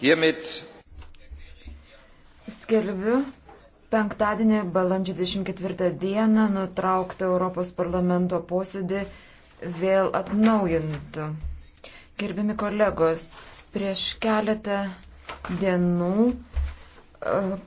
Hiermit skelbiu penktadienį, balandžio 24 dieną, nutrauktą Europos parlamento posėdį vėl atnaujintų. Gerbimi kolegos, prieš keletą dienų e,